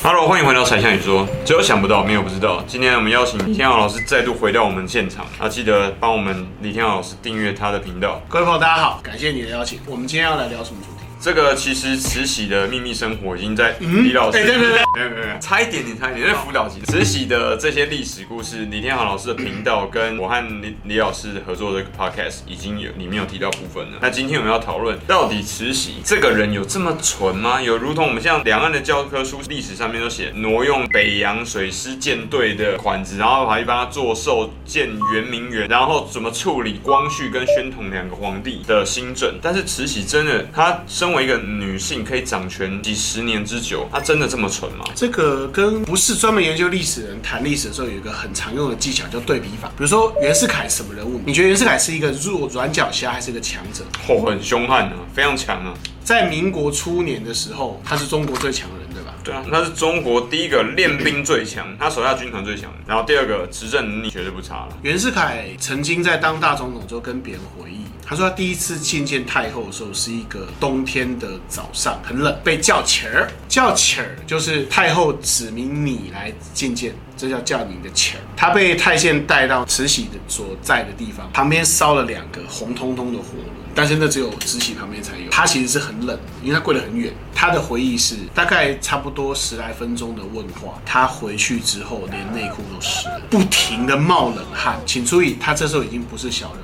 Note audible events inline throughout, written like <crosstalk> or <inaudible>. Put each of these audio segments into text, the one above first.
哈嘍，Hello, 歡迎回到 Sean 你說，只有想不到，沒有不知道。今天我們邀請李天昊老師再度回到我們現場，啊，記得幫我們李天昊老師訂閱他的頻道。各位朋友，大家好，感謝你的邀請。我們今天要來聊什麼主題？這個其實慈禧的秘密生活已經在李老師、嗯欸，對對對,對沒，沒有沒有,沒有差一點點，差一點你猜你輔導級，慈禧的這些歷史故事，李天豪老師的頻道跟我和李李老師合作的 podcast 已經有裡面有提到部分了。那今天我們要討論到底慈禧這個人有這麼蠢嗎？有如同我們像兩岸的教科書歷史上面都寫挪用北洋水師艦隊的款子，然後還幫他做壽建圓明園，然後怎麼處理光緒跟宣統兩個皇帝的新政？但是慈禧真的她生。他作為一個女性可以掌權幾十年之久，她真的這麼蠢嗎？這個跟不是專門研究歷史人談歷史的時候有一個很常用的技巧叫、就是、對比法。比如說袁世凱什麼人物？你覺得袁世凱是一個弱軟腳蝦還是一個強者？哦，很兇悍啊，非常強啊！在民國初年的時候，他是中國最強人，對吧？對啊，他是中國第一個練兵最強，他手下軍團最強，然後第二個執政能力，你絕對不差了。袁世凱曾經在當大總統就跟別人回憶。他說他第一次覲見太後的時候是一個冬天的早上，很冷，被叫起兒。叫起兒就是太后指名你來覲見，這叫叫你的起兒。他被太監帶到慈禧的所在的地方，旁邊燒了兩個紅彤彤的火爐，但是那只有慈禧旁邊才有。他其實是很冷，因為他跪得很遠。他的回憶是大概差不多十來分鐘的問話。他回去之後連內褲都濕了，不停的冒冷汗。請注意，他這時候已經不是小人，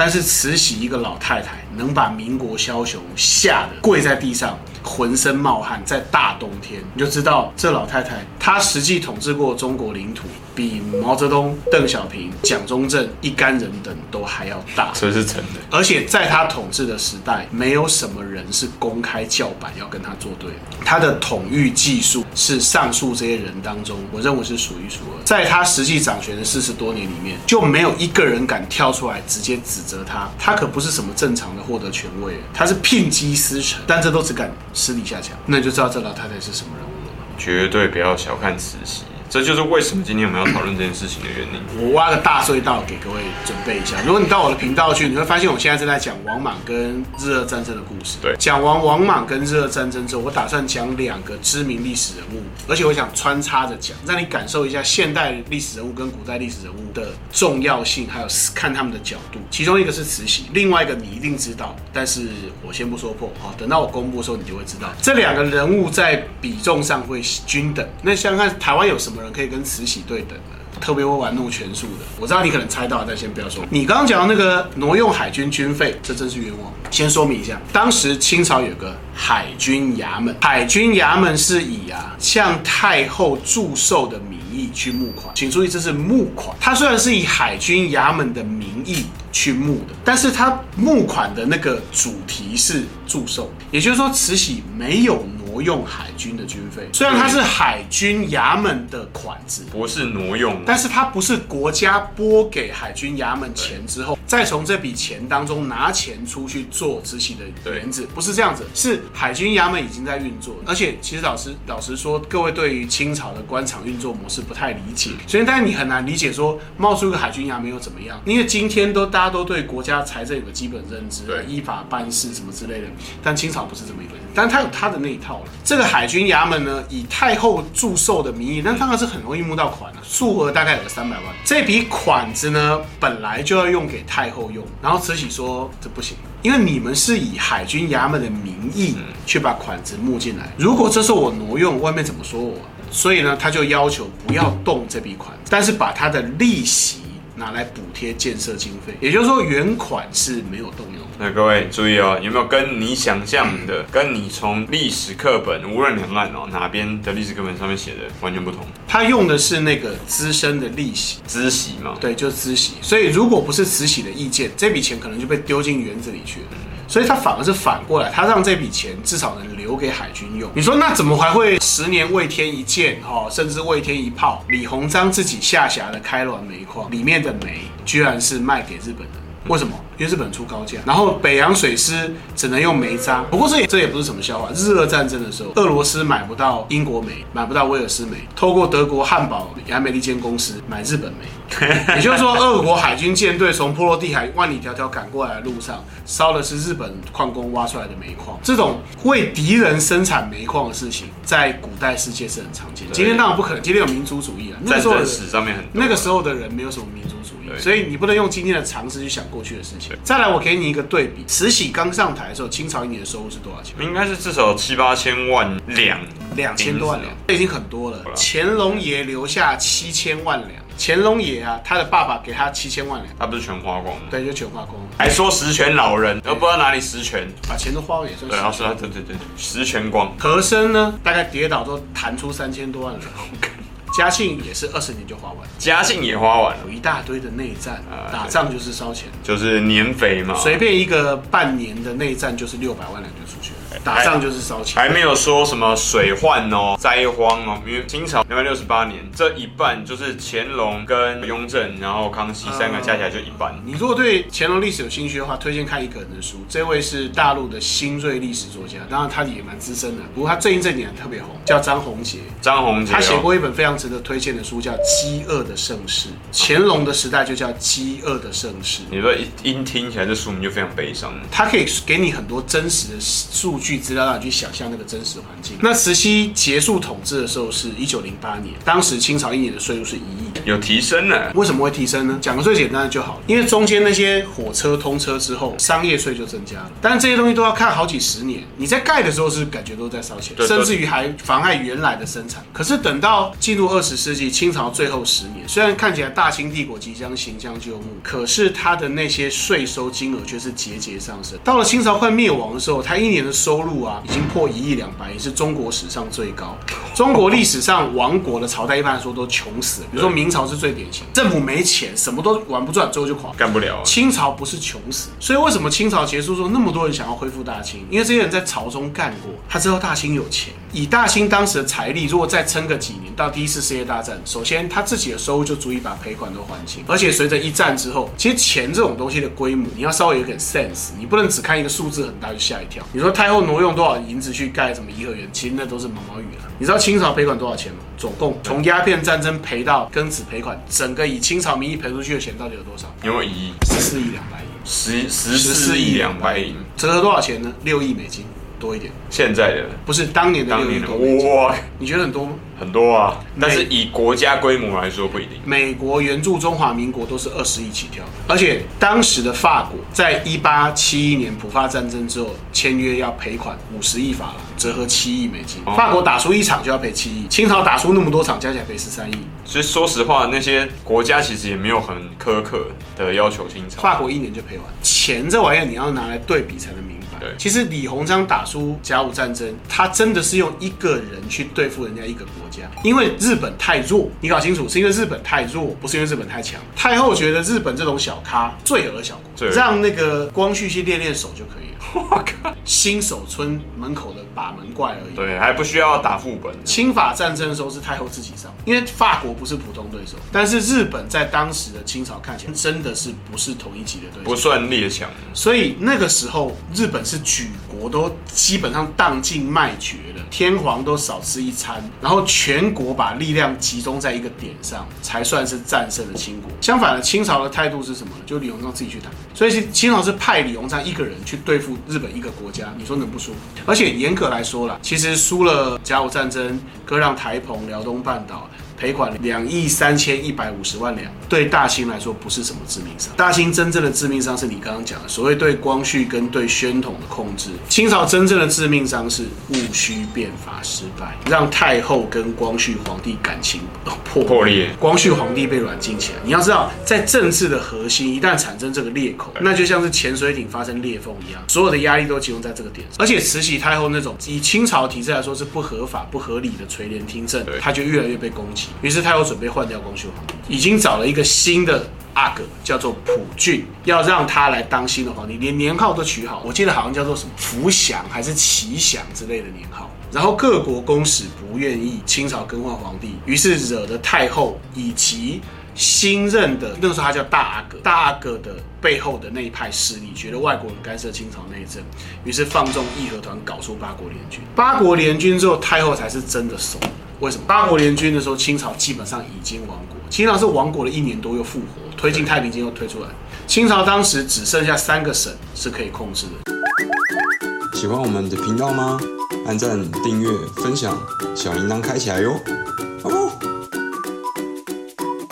但是慈禧一個老太太，能把民國梟雄嚇得跪在地上。渾身冒汗，在大冬天，你就知道這老太太，她實際統治過中國領土，比毛澤東、鄧小平、蔣中正一干人等都還要大。所以是，是成的。而且在她統治的時代，沒有什麼人是公開叫板要跟她作對的。她的統御技術是上述這些人當中，我認為是數一數二。在她實際掌權的四十多年裡面，就沒有一個人敢跳出來直接指責她。她可不是什麼正常的獲得權位，她是牝雞司晨。但這都只敢。實力下降，那就知道這老太太是什麼人物了嗎？絕對不要小看慈禧。這就是為什麼今天我們要討論這件事情的原因。我挖個大隧道給各位準備一下。如果你到我的頻道去，你會發現我現在正在講王莽跟日俄戰爭的故事。對，講完王莽跟日俄戰爭之後，我打算講兩個知名歷史人物，而且我想穿插着講，讓你感受一下現代歷史人物跟古代歷史人物的重要性，還有看他們的角度。其中一個是慈禧，另外一個你一定知道，但是我先不說破啊、哦，等到我公布的時候，你就會知道。這兩個人物在比重上會均等。那像看台灣有什麼？人可以跟慈禧對等的，特別會玩弄權術的。我知道你可能猜到了，但先不要說。你剛剛講的那個挪用海軍軍費，這真是冤枉。先說明一下，當時清朝有個海軍衙門，海軍衙門是以啊向太后祝壽的名義去募款。請注意，這是募款。它雖然是以海軍衙門的名義去募的，但是它募款的那個主題是祝壽，也就是說慈禧沒有。挪用海軍的軍費，雖然它是海軍衙門的款子，不是挪用，但是它不是國家撥給海軍衙門錢之後，對再從這筆錢當中拿錢出去做自己的園子，對不是這樣子。是海軍衙門已經在運作，而且其實老師老實說，各位對於清朝的官場運作模式不太理解，嗯、所以但然是你很難理解說冒出一個海軍衙門又怎麼樣，因為今天都大家都對國家財政有個基本認知，對依法辦事什麼之類的，但清朝不是這麼一回事，但他有他的那一套。這個海軍衙門呢，以太后祝壽的名義，那當然是很容易募到款了，數額大概有個三百萬。這筆款子呢，本來就要用給太后用，然後慈禧說這不行，因為你們是以海軍衙門的名義去、嗯、把款子募進來，如果這是我挪用，外面怎麼說我？所以呢，他就要求不要動這筆款子，但是把他的利息。拿來補貼建設經費，也就是說原款是沒有動用。那各位注意哦，有沒有跟你想象的，跟你從歷史課本無論兩岸哦哪邊的歷史課本上面寫的完全不同？他用的是那個孳生的利息，孳息嘛。對，就孳息。所以如果不是慈禧的意見，這筆錢可能就被丟進園子裡去了。所以他反而是反過來，他讓這筆錢至少能留給海軍用。你說那怎麼還會十年未添一艦？哦，甚至未添一炮？李鴻章自己下轄的開灤煤礦裡面都的煤，居然是賣給日本的。為什麼？因為日本出高價，然後北洋水師只能用煤渣。不過，這也這也不是什麼笑話。日俄戰爭的時候，俄羅斯買不到英國煤，買不到威爾斯煤，透過德國漢堡亞美利堅公司買日本煤。 <laughs> 也就是說，俄國海軍艦隊從波羅的海萬里迢迢趕過來的路上，燒的是日本礦工挖出來的煤礦。這種為敵人生產煤礦的事情，在古代世界是很常見的。對今天當然不可能，今天有民族主義啊。在歷史上面，對那個時候的人沒有什麼民族主義。對所以你不能用今天的常識去想過去的事情。對再來，我給你一個對比：慈禧剛上台的時候，清朝一年的收入是多少錢？應該是至少七八千萬兩，兩千多萬兩，這已經很多了。了乾隆爺留下七千萬兩，乾隆爺啊，他的爸爸給他七千萬兩，他不是全花光了？對，就全花光了，還說十全老人，對而不知道哪裡十全，把、啊、錢都花光是對，他是他對對對對，十全光。和珅呢，大概跌倒都彈出三千多萬兩。Okay 嘉慶也是二十年就花完，嘉慶也花完了，有一大堆的內戰，啊、打仗就是燒錢，就是年費嘛，隨便一個半年的內戰就是六百萬兩就出去了。打仗就是燒錢，還沒有說什麼水患哦、災荒哦。因為清朝兩百六十八年這一半就是乾隆、跟雍正，然後康熙三個加起來就一半。你如果對乾隆歷史有興趣的話，推薦看一個人的書，這位是大陸的新銳歷史作家，當然他也蠻資深的，不過他最近這幾年特別紅，叫張宏傑。張宏傑，他寫過一本非常值得推薦的書，叫《飢餓的盛世》，乾隆的時代就叫《飢餓的盛世》。你說一聽聽起來這書名就非常悲傷，他可以給你很多真實的數據資料讓你去想象那個真實環境。那慈禧結束統治的時候是1908年，當時清朝一年的稅入是一億，有提升呢、啊，為什麼會提升呢？講個最簡單的就好了，因為中間那些火車通車之後，商業稅就增加了。但是這些東西都要看好幾十年，你在蓋的時候是感覺都在燒錢，對甚至於還妨礙原來的生產。可是等到進入二十世紀，清朝最後十年，雖然看起來大清帝國即將行將就木，可是他的那些稅收金額卻是節節上升。到了清朝快滅亡的時候，他一年的稅收入啊，已經破一億兩百，也是中國史上最高。中國歷史上亡國的朝代，一般來說都窮死了。比如說明朝是最典型的，政府沒錢，什麼都玩不轉，最後就垮，幹不了啊。清朝不是窮死，所以為什麼清朝結束之後，那麼多人想要恢復大清？因為這些人在朝中幹過，他知道大清有錢。以大清當時的財力，如果再撐個幾年，到第一次世界大戰，首先他自己的收入就足以把賠款都還清。而且隨着一戰之後，其實錢這種東西的規模，你要稍微有點 sense，你不能只看一個數字很大就嚇一跳。你說太後。挪用多少銀子去蓋什麼頤和園，其實那都是毛毛雨了啊。你知道清朝賠款多少錢嗎？總共從鴉片戰爭賠到庚子賠款，整個以清朝名義賠出去的錢到底有多少？一億十四億兩白銀。十十四億兩白銀折合多少錢呢？六億美金。多一點，現在的不是當年的，六億多美金，當年的，當年的哇！ <laughs> 你覺得很多嗎？很多啊，但是以國家規模來說不一定。美，美國援助中華民國都是二十億起跳，而且當時的法國在一八七一年普法戰爭之後簽約要賠款五十億法郎，折合七億美金。嗯、法國打出一場就要賠七億，清朝打出那麼多場，加起來賠十三億。所以說實話，那些國家其實也沒有很苛刻的要求清朝。法國一年就賠完。錢這玩意兒你要拿來對比才能明。對其實李鴻章打出甲午戰爭，他真的是用一個人去對付人家一個國家，因為日本太弱。你搞清楚，是因為日本太弱，不是因為日本太強。太后覺得日本這種小咖，最惡小。對，讓那個光緒去練練手就可以了。Oh God 新手村門口的把門怪而已。對，還不需要打副本。清法戰爭的時候是太后自己上，因為法國不是普通對手。但是日本在當時的清朝看起來真的是不是同一級的對手，不算列強。所以那個時候日本是舉我都基本上當盡賣絕了，天皇都少吃一餐，然後全國把力量集中在一個點上，才算是戰勝了清國。相反的，清朝的態度是什麼呢？就李鴻章自己去打，所以是，清朝是派李鴻章一個人去對付日本一個國家，你說能不輸？而且嚴格來說啦，其實輸了甲午戰爭，割讓台澎、遼東半島。賠款兩億三千一百五十萬兩，對大清來說不是什麼致命傷。大清真正的致命傷是你剛剛講的所謂對光緒跟對宣統的控制。清朝真正的致命傷是戊戌變法失敗，讓太后跟光緒皇帝感情破破裂，光緒皇帝被軟禁起來。你要知道，在政治的核心一旦產生這個裂口，那就像是潛水艇發生裂縫一樣，所有的壓力都集中在這個點上。而且慈禧太后那種以清朝體制來說是不合法、不合理的垂簾聽政，她就越來越被攻擊。於是太后準備換掉光緒皇帝，已經找了一個新的阿哥，叫做溥儁，要讓他來當新的皇帝，連年號都取好，我記得好像叫做什麼福祥還是祺祥之類的年號。然後各國公使不願意清朝更換皇帝，於是惹得太后以及新任的（那時候他叫大阿哥），大阿哥的背後的那一派勢力覺得外國人干涉清朝內政，於是放縱義和團搞出八國聯軍。八國聯軍之後，太后才是真的慫。為什麼八國聯軍的時候，清朝基本上已經亡國。清朝是亡國了一年多又復活，推進太平間又推出來。清朝當時只剩下三個省是可以控制的。喜歡我們的頻道嗎？按贊、訂閱、分享，小鈴鐺開起來喲。